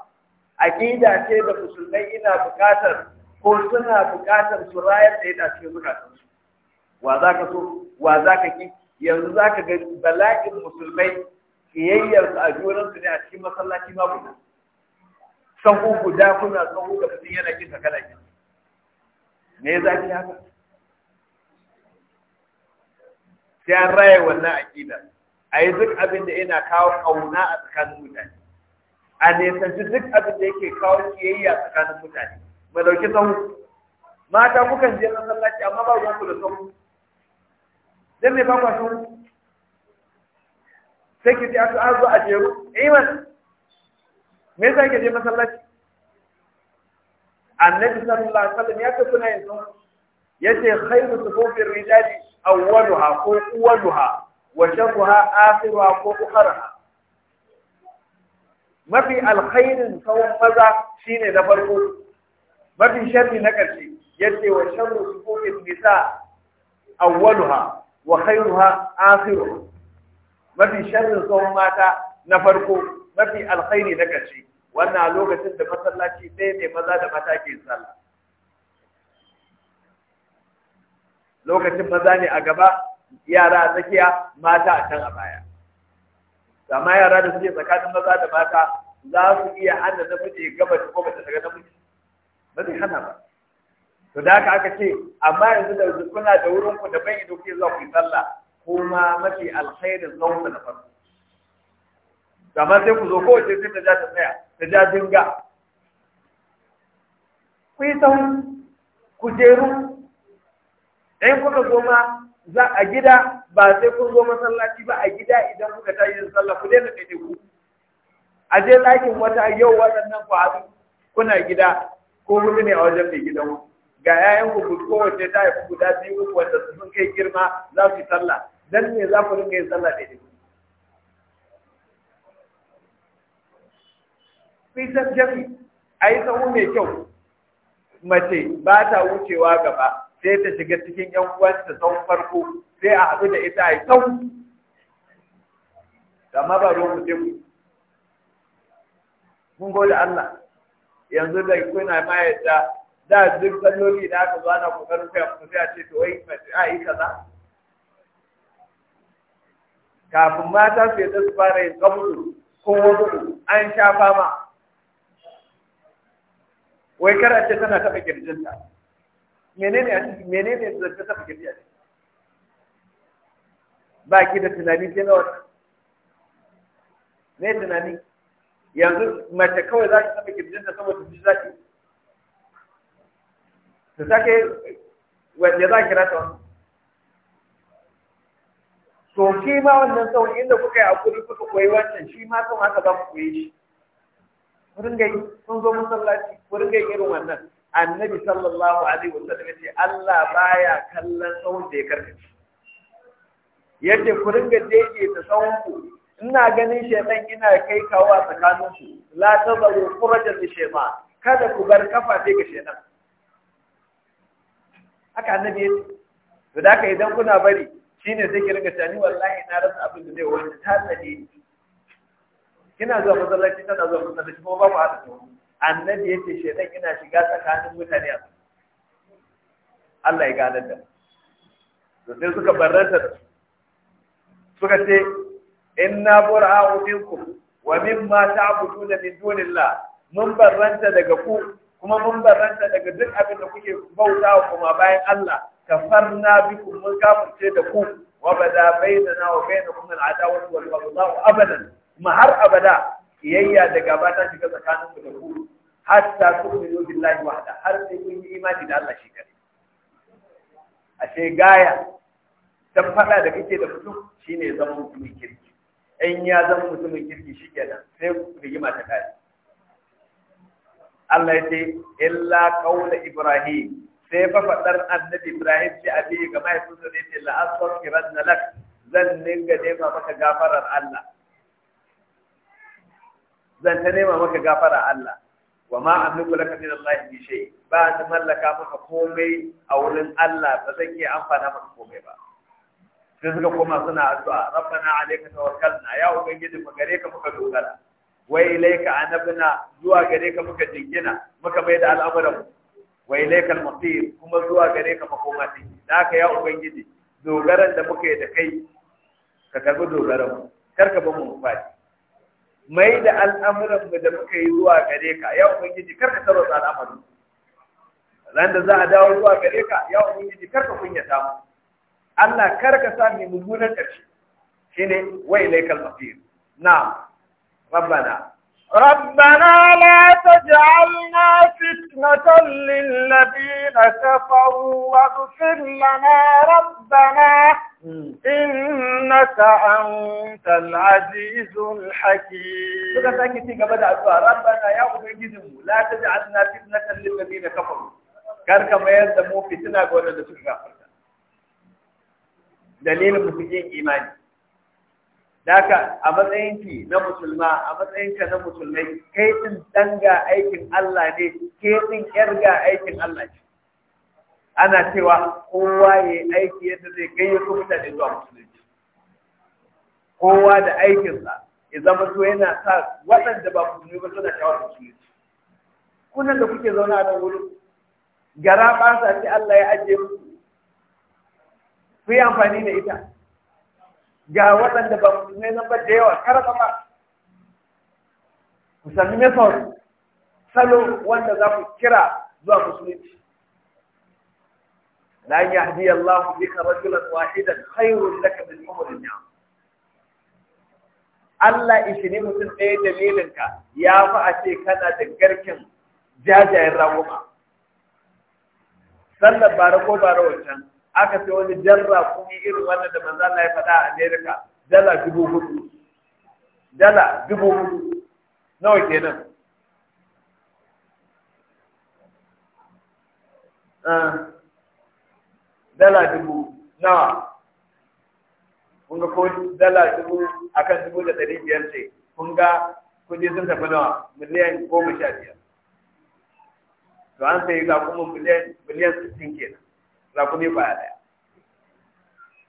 aqida ce da musulmai ina bukatar ko suna bukatar su rayar da ita cikin zukatansu wa za ka so wa za ka ki yanzu za ka ga bala'in musulmai su a su ne a cikin masallaci babu guda sahu guda kuna sahu da mutum yana kin kala kin me za ki haka sai an raya wannan aƙida a yi duk abin da yana kawo ƙauna a tsakanin mutane a nesanci duk abin da yake kawo kiyayya a tsakanin mutane mu ɗauki sahu mata kukan je masallaci amma ba ruwan ku da sahu dan me ba ku sahu sai ki ji an zo a jeru iman eh me yasa ke je masallaci annabi sallallahu alaihi wasallam ya ce kuna yin sahu yace khairu sufufir rijali awwaluha ko uwaluha wa sharruha akhiruha ko ukhraha mafi alkhairin sawan maza shine na farko mafi sharri na karshe yace wa sharru sufufir nisa awwaluha wa khairuha akhiruha mafi sharrin sawan mata na farko mafi alkhairi na karshe wannan lokacin da masallaci ɗaya ne maza da mata ke sallah lokacin maza ne a gaba yara a tsakiya mata a can a baya amma yara da suke tsakanin maza da mata za su iya hana namiji gaba da kuma ta daga namiji ba zai hana ba to da haka aka ce amma yanzu da kuna da wurin ku da ban ido ke zuwa ku sallah kuma mafi zan zauna na farko amma sai ku zo kowace sai ta ja ta tsaya ta ja dinga ku yi tsawon ku jeru in kuka goma za a gida ba sai kun zo masallaci ba a gida idan kuka tashi da sallah ku daina daidai ku a je lakin wata yau waɗannan ku haɗu kuna gida ko hudu ne a wajen mai gidan ku ga yayan ku kowace ta haifi guda biyu wanda sun kai girma za su yi sallah dan me za ku dinga yin sallah daidai ku fitar jami a yi tsawo mai kyau mace ba ta wucewa gaba sai ta shiga cikin yan uwanta tsawon farko sai a haɗu da ita a yi tsawon da mabaro mutum mun gode Allah yanzu da kuna ma yadda da duk salloli da aka zuwa na kokarin kai ku sai a ce to wai a yi kaza kafin mata su yadda su fara yin kabudu ko wani an sha fama wai kar a ce tana taɓa kirjinta menene a ciki menene zance ta fage biya ba ki da tunani sai na wata ne tunani yanzu mace kawai za ki saba kirjinta saboda ji za ki ta sake wanda za ki kira ta wani to shi ma wannan tsawon inda kuka yi hakuri kuka koyi wannan shi ma kuma haka za ku koyi shi ku ringa yi sun zo masallaci ku ringa yi irin wannan annabi sallallahu alaihi wasallam ya ce Allah baya kallon tsawon da ya karkace yadda ku ringa jeje ta tsawon ku ina ganin shaitan ina kai kawa a tsakanin ku la tazaru furajan li shaitan kada ku bar kafa sai ga shaitan haka annabi ya ce to da ka idan kuna bari shine sai ki ringa tani wallahi na rasa abin da zai wani tallaje kina zuwa masallaci tana zuwa masallaci kuma ba ku hada tsawon annabi ya ce shaidan yana shiga tsakanin mutane a Allah ya ganar da to sai suka barranta suka ce in inna bura'u minkum wa min mimma ta'buduna min dunillah mun barranta daga ku kuma mun barranta daga duk abin da kuke bautawa kuma bayan Allah kafarna bikum mun kafirce da ku wa bada bainana wa bainakum al'adawatu wal baghdha abadan kuma har abada kiyayya da gaba ta shiga tsakanin ku da ku hatta tu'minu billahi wahda har sai kun yi imani da Allah shi kadai ashe gaya dan faɗa da kike da mutum shine ya zama mutumin kirki in ya zama mutumin kirki shikenan sai rigima ta kare Allah ya ce illa qawla ibrahim sai fa faɗar annabi ibrahim ce abi ga mahaifinsa da ce la astaghfiranna lak zan dinga nema maka gafarar Allah zan ta nema maka gafara Allah wa ma amliku laka min Allah bi shay ba ni mallaka maka komai a wurin Allah ba zan iya amfana maka komai ba sai suka koma suna addu'a rabbana alayka tawakkalna ya ubangiji mu gare ka muka dogara wai ilayka anabna zuwa gare ka muka jingina muka bai da al'amuran wa ilayka al-masir kuma zuwa gare ka makoma ce da haka ya ubangiji dogaran da muka yi da kai ka karbi dogaran mu kar ka mu fadi mai da al'amuran da muka yi zuwa gare ka ya ubangiji karka tarwatsa al'amarin ran da za a dawo zuwa gare ka ya ubangiji karka kunyata mu Allah karka sa mu mummunan ƙarshe shine wai ilaikal masir na rabbana ربنا لا تجعلنا فتنة للذين كفروا واغفر لنا ربنا إنك أنت العزيز الحكيم ربنا يا لا تجعلنا فتنة للذين كفروا كان كما يلزموا فتنة قولنا لسورة دليل مسجين إيماني Daka a matsayinki na musulma, a matsayinka na musulmai, kai ɗin ɗan ga aikin Allah ne, ke ɗin ƴar ga aikin Allah ne. Ana cewa kowa ya aiki yadda zai gayyato mutane zuwa musulunci. Kowa da aikinsa, ya zama so yana sa waɗanda ba musulmi ba suna shawar musulunci. Kunan da kuke zauna a nan wurin, gara ɓasa ce Allah ya ajiye muku. Ku yi amfani da ita. ga waɗanda ba musulmai nan ba da yawa kara ba ku sami method salo wanda za ku kira zuwa musulunci la yahdi Allah bika rajulan wahidan khairun laka min umrin ni'am Allah ne mutum ɗaya dalilinka ya fi a ce kana da garkin jajayen raguma. Sannan bara ko bara wancan, aka ce wani jarra kuma irin wannan da manzo Allah ya faɗa a Amerika. dala dubu hudu dala dubu hudu nawa kenan ah. dala dubu nawa kun ga ko dala dubu akan dubu da ɗari biyar ce kun ga kuɗi sun tafi nawa miliyan goma sha biyar to an sai ga kuma miliyan miliyan sittin kenan la kwaya daya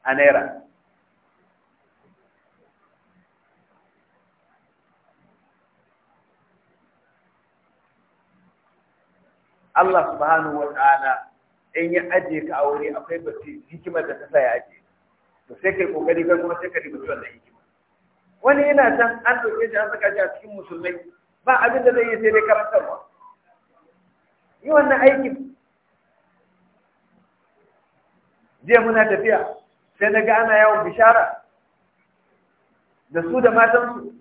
a anera Allah subhanahu wa ta'ala in ya aje ka a wuri akwai basi hikima da ta sa ya aje to sai kai kokari kai kuma sai ka ribi wannan hikima wani yana san an doke shi an saka shi a cikin musulmai ba abin da zai yi sai dai karantarwa yi wannan aikin jiya muna tafiya sai na ga ana yawon bishara da su da matansu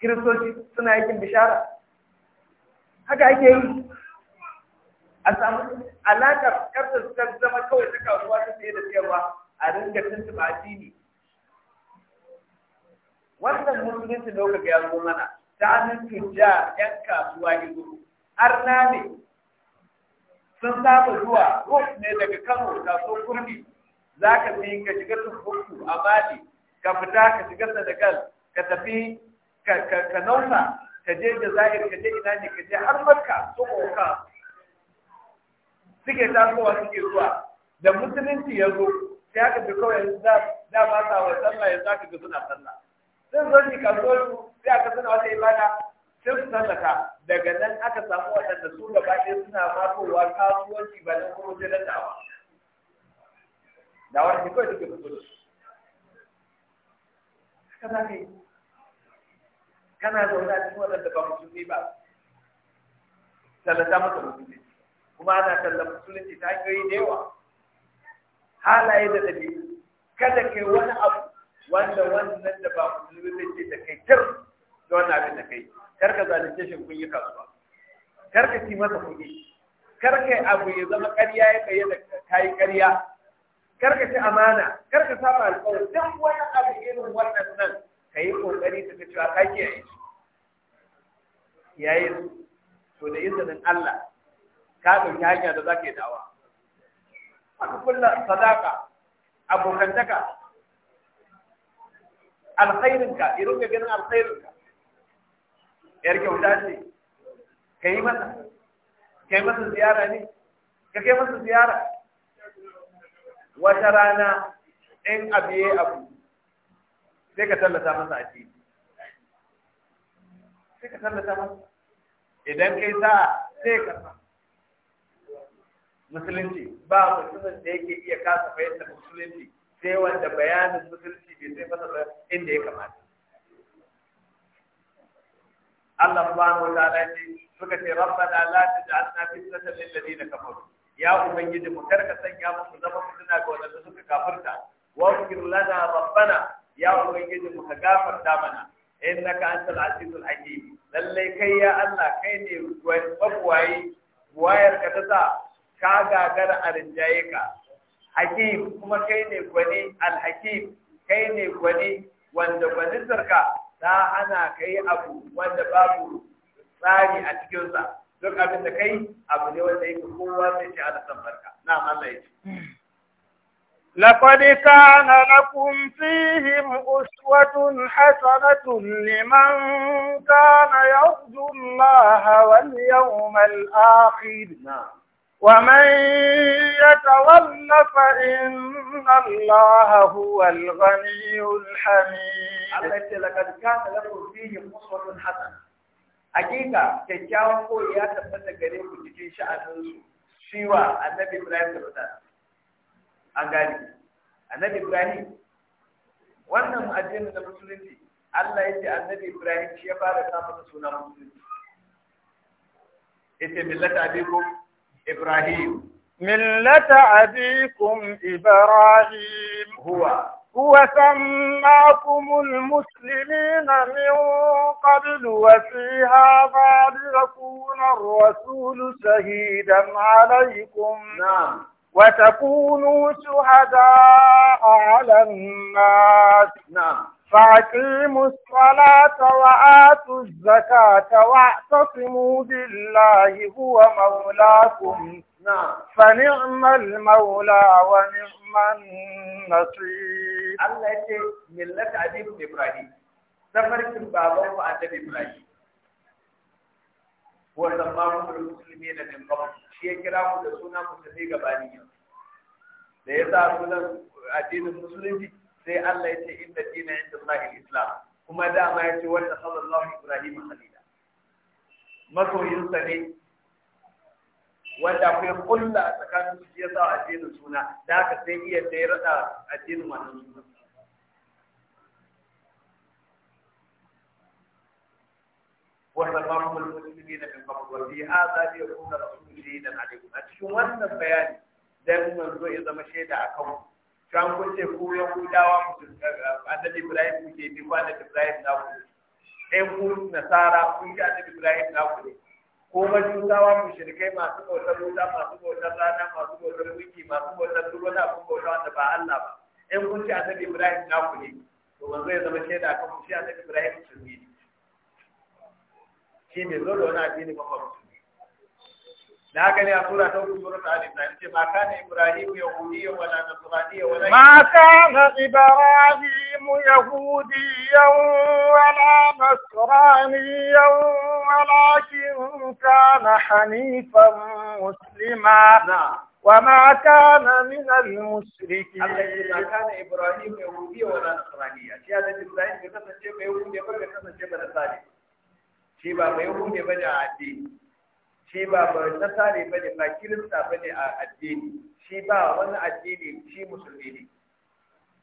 kiristoci suna yakin bishara haka ake yi a samun alaƙar ƙarfin suka zama kawai ta kasuwa ta fiye da siyarwa a ringa tuntuɓa addini wannan musulunci da kuka zo yazo mana ta hannun tujjar yan kasuwa ido na ne sun saba zuwa road ne daga kano kasuwar kurmi za ka fi ka shiga tumbuktu a mali ka fita ka shiga senegal ka tafi ka nauna ka je zahir ka je ina ne ka je har makka su ka suke tasowa suke zuwa da musulunci ya zo sai aka fi kawai za ba sa wa sallah ya za ka ga suna sallah sun zo ni kasuwar sai aka suna wata ibada sai su sallaka daga nan aka samu waɗanda su da ɗaya suna fatowa kasuwanci ba don kuma sai da awa da wani kawai suke fito da su haka za ka yi kana da wani cikin waɗanda ba musulmi ba Sallata masa musulmi kuma ana sallar musulunci ta hanyoyi da yawa halaye da ɗabi'u kada kai wani abu wanda wannan da ba musulmi zai ce da kai tir da wannan abin da kai kar ka zalunce shi kun yi kasuwa kar ka ci masa kuɗi kar ka abu ya zama ƙarya ya kai da kai ƙarya kar ka ci amana kar ka saba alƙawari duk wani abu irin wannan nan ka yi ƙoƙari ka cewa ka kiyaye shi su, to da izinin Allah ka ɗauki hanya da za ka yi dawa aka kulla sadaka abokantaka alkhairinka irin ga ganin alkhairinka yar kyauta ce ka yi masa ka yi masa ziyara ne ka kai masa ziyara wata rana in abu ya abu sai ka tallata masa a titi sai ka tallata masa idan kai sa sai ka sa musulunci ba musulun da yake iya kasa fahimtar musulunci sai wanda bayanin musulunci bai sai masa inda ya kamata Allah subhanahu wataala ce suka ce rabbana la taj'alna fitnatan lil ladina kafaru ya ubangiji mu karka sanya mu ku zama fitina ga wanda suka kafirta wa fir lana rabbana ya ubangiji mu ka gafarta mana innaka antal azizul hakim lalle kai ya Allah kai ne babwaye wayar ka ta sa ka gagara a ka hakim kuma kai ne gwani alhakim kai ne gwani wanda gwanin sarka ta hana ka yi abu wanda babu tsari a cikinsa duk abin da kai abu ne wanda yake kowa zai ce ana san barka na Allah ya ce لقد كان لكم فيهم أسوة حسنة لمن كان يرجو الله واليوم الآخر نعم ومن يتول فإن الله هو الغني الحميد الله يقول لقد كان لكم فيه قصوة حسنة حقيقة كيكاوان قول يا قريب تجي شأن سوى النبي إبراهيم تبتان أغاني النبي إبراهيم wannan addinin da musulunci Allah ya ce annabi Ibrahim shi ya fara samun suna musulunci ita millata abikum إبراهيم ملة أبيكم إبراهيم هو هو سماكم المسلمين من قبل وفي هذا ليكون الرسول شهيدا عليكم نعم وتكونوا شهداء على الناس نعم فأقيموا الصلاة وآتوا الزكاة واعتصموا بالله هو مولاكم نعم فنعم المولى ونعم النصير الله يتي ملة عجيب إبراهيم سفرك بابا وأدب إبراهيم هو زمام المسلمين من قبل شيء كلامه لسنة مسلمين قبانية ليس أقول الدين المسلمين sai Allah ya ce inna dina inda Allah islam kuma dama ya ce wanda sallallahu ibrahim khalila masoyinsa ne wanda akwai kulla a tsakanin su ya sa addinin suna da haka sai iya da ya rada addinin wannan suna وسماهم المسلمين من قبل وفي هذا ليكون رسول شهيدا عليكم. أتشو أن البيان ده من زوء إذا مشيت أكون kan kun ce ku yahudawa annabi ibrahim kuke bi ko annabi ibrahim na ku ɗan ku nasara kun ji annabi ibrahim na ku ne ko majusawa mushrikai masu bautar wuta masu bautar rana masu bautar wiki masu bautar duk wani abin bauta wanda ba Allah ba in kun ci annabi Ibrahim na ku ne to wanzu ya zama shaida akan ku ci annabi Ibrahim musulmi ne shi ne zo da wani addini ba ba na gani a sura ta hudu sura ta alif ce ma kana ibrahim yahudiyya wala nasraniyya wala ma kana ibrahim yahudiyya wala nasraniyya walakin kana hanifan muslima وما كان من المشركين الله كان ابراهيم يهودي ولا نصراني شي هذا ابراهيم كان شيء يهودي ولا كان شيء نصراني شي با يهودي بدا عدي shi ba ba ne ba ne ba kirista ba ne a addini shi ba wani addini shi musulmi ne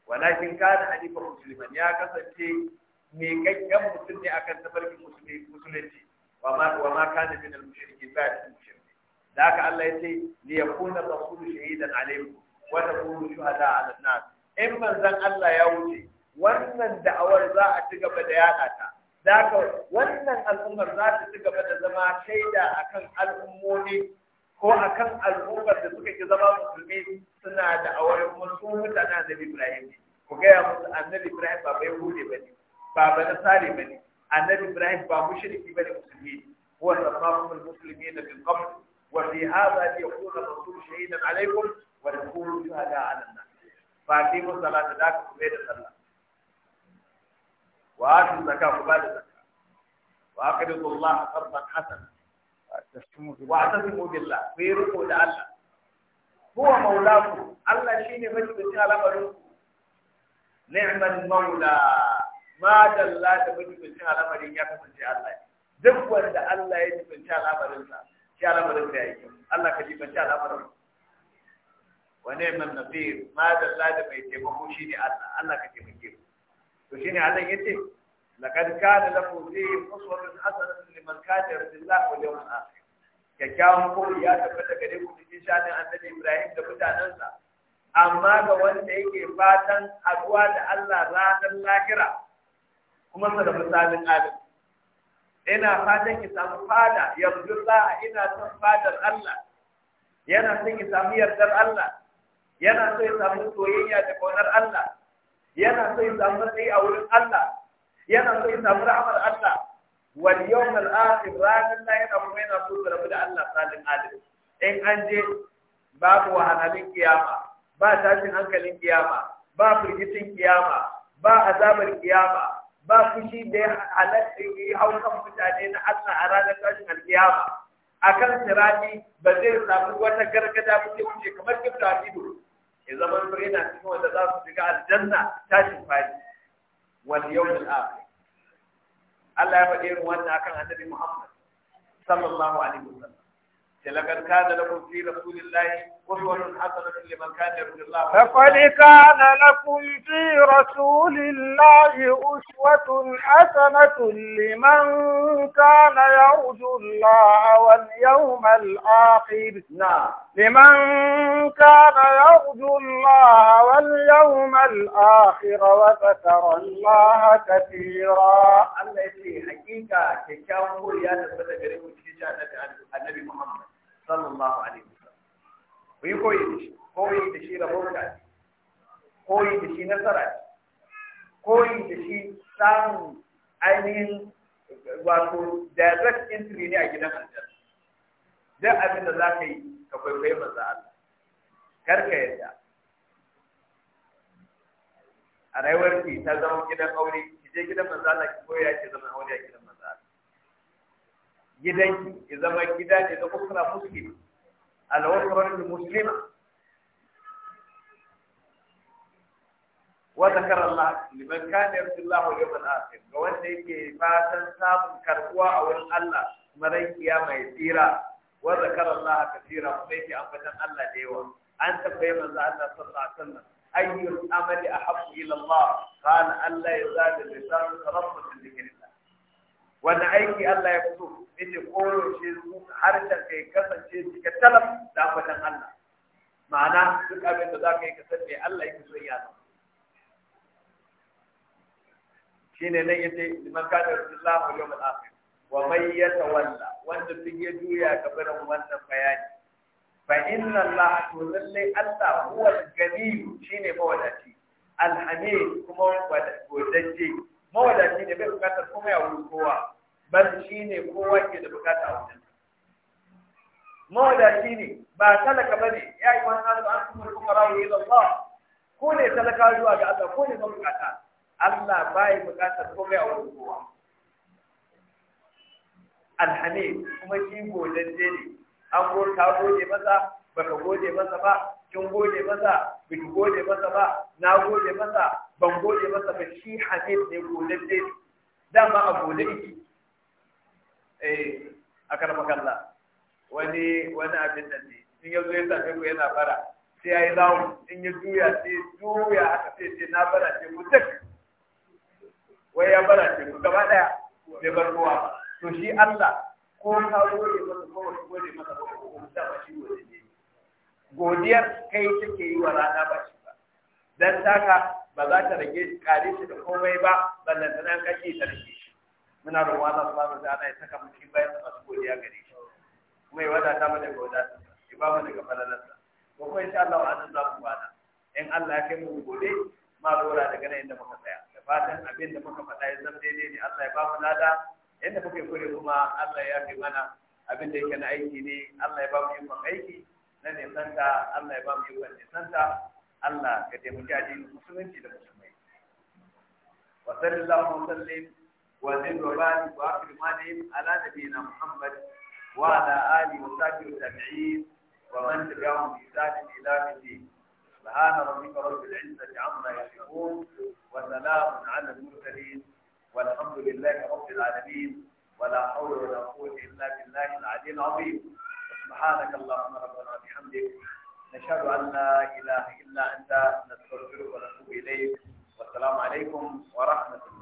walakin kana hanifa musulman ya kasance mai kakken musulmi ne akan tafarki musulunci wa ma wa ma kana min al-mushriki ba cikin mushriki da haka Allah ya ce li yakuna rasulu shahidan alaykum wa takunu shuhada ala nas in manzon Allah ya wuce wannan da'awar za a ci gaba da yada ta da wannan al'ummar za ta ci gaba da zama shaida akan al'ummomi ko akan al'ummar da suka ki zama musulmi suna da aure awar musu mutane annabi Ibrahim ne. ku gaya musu annabi Ibrahim ba bai hude ba ne ba ba na sare ba ne annabi Ibrahim ba mu mushriki ba ne musulmi huwa sammakum al-muslimin min qabl wa fi hadha yakun rasul shahidan alaykum wa yakunu shuhada 'ala an-nas fa aqimu salata da ku da sallah وآتوا الزكاة وبعد الزكاة وأقرضوا الله قرضا حسنا واعتصموا بالله ويرقوا لله هو مولاكم الله شيني مجبتي على نعم المولى ما دل da mutuncin al'amarin ya kasance Allah duk wanda Allah ya tukunci al'amarinsa shi al'amarinsa ya yi Allah ka jibanci al'amarin wa neman nasir ma dalla da mai taimako shi ne Allah Allah ka taimake mu to shine Allah yace laqad kana lakum fi uswatun hasanatun liman kana yarju Allah wal yawmal akhir kyakkyawan koyi ya tabbata gare ku cikin shanin annabi Ibrahim da mutanensa amma ga wanda yake fatan aduwa da Allah ranar lahira kuma sa da misalin adam ina fatan ki samu fada yanzu ina son fadar Allah yana son ki samu yardar Allah yana son ya samu soyayya da kaunar Allah yana so ya samu matsayi a wurin Allah yana so ya samu rahmar Allah wal akhir ranan yana kuma yana so ya rabu da Allah salin alim in an je babu wahalhalin kiyama ba tashin hankalin kiyama ba firgitin kiyama ba azabar kiyama ba fushi da ya halatta ya haukan mutane na Allah a ranar tashin alkiyama akan sirati ba zai samu wata gargada ba sai wuce kamar kifta bidu ya zama to yana cikin wanda za su shiga aljanna tashin fadi wal yawmil akhir Allah ya faɗi irin wannan akan Annabi Muhammad sallallahu alaihi wasallam لقد كان لكم في رسول الله أسوة حسنة لمن كان يرجو الله لقد كان لكم في رسول الله أسوة حسنة لمن كان يرجو الله واليوم الآخر نعم لمن كان يرجو الله واليوم الآخر وذكر الله كثيرا الله يسلمك حقيقة كيكاو يا نسبة غريب النبي محمد sallallahu alaihi wasallam ku yi koyi da shi koyi da shi rabota ne koyi da shi nasara ne koyi da shi samun ainihin wato direct entry ne a gidan aljanna duk abin da za ka yi ka kwaikwayi manzo Allah kar ka yarda a rayuwar ki ta zama gidan aure ki je gidan manzo Allah ki koya ki zama aure a gidan gidanki ya zama gida ne na usra muslima al-usra muslima wa zakara Allah liman kana yarju Allah wal yawm al ga wanda yake fatan samun karbuwa a wurin Allah maran kiyama ya tsira wa zakara Allah kathira kuma yake ambatan Allah da yawa an tabbaye manzo Allah sallallahu alaihi wasallam ayyul amali ahabbu ila Allah qala alla yazadu lisanu rabbuka dhikrillah wanda aiki Allah ya kutu? yace koyaushe harshen ka ya kasance cike talab da ambatan Allah ma'ana duk abin da za ka yi ka san Allah yake so ya Shi ne nan yace liman kana rasulullah wal yawm al-akhir wa ya yatawalla wanda duk ya juya ka barin wannan bayani fa inna Allah to Allah huwa al ne shine mawadaci al-hamid kuma wadaci mawadaci ne bai bukatar kuma ya wuri kowa bal shi ne kowa ke da bukata a wajen mawadaci ne ba talaka ba ne ya yi wani nasu an kuma rukun ko ne talaka zuwa ga Allah ko ne ba bukata Allah ba yi bukatar komai a wani kowa alhamid kuma shi godanje ne an gode ka gode masa baka gode masa ba kin gode masa biki gode masa ba na gode masa ban gode masa ba shi hamid ne godanje dama a gode yake ee eh, aka rama kalla wani wani abin nan ne in yanzu ya same ku yana fara sai ya yi lawun in ya juya sai juya aka sai sai na bara ce ku duk wai ya bara ce ku gaba daya bai bar kowa ba to shi Allah ko ka gode masa ko ba gode masa ko ko ta ba shi gode ne godiyar kai take yi wa rana ba shi ba dan taka ba za ta rage kare shi da komai ba ballantana kake ta rage muna roƙon Allah subhanahu wa ta'ala ya saka mu bayan masu godiya gare shi kuma ya wadata mu daga wadata ya ba mu daga falalarsa ko kuma insha Allah wa za ku bana in Allah ya kai mu gobe ma dora daga nan inda muka tsaya da fatan abin da muka faɗa ya zan daidai ne Allah ya ba mu lada inda kuke kure kuma Allah ya fi mana abin da yake na aiki ne Allah ya ba mu yin aiki na nisanta Allah ya ba mu ikon nisanta Allah ka taimaki addinin musulunci da musulmai wa sallallahu alaihi wa sallam وزد وبارك واخر ما على نبينا محمد وعلى اله وصحبه والتابعين ومن تبعهم بإحسان الى يوم الدين سبحان ربك رب العزه عما يصفون وسلام على المرسلين والحمد لله رب العالمين ولا حول ولا قوه الا بالله العلي العظيم سبحانك اللهم ربنا وبحمدك نشهد ان لا اله الا انت نستغفرك ونتوب اليك والسلام عليكم ورحمه الله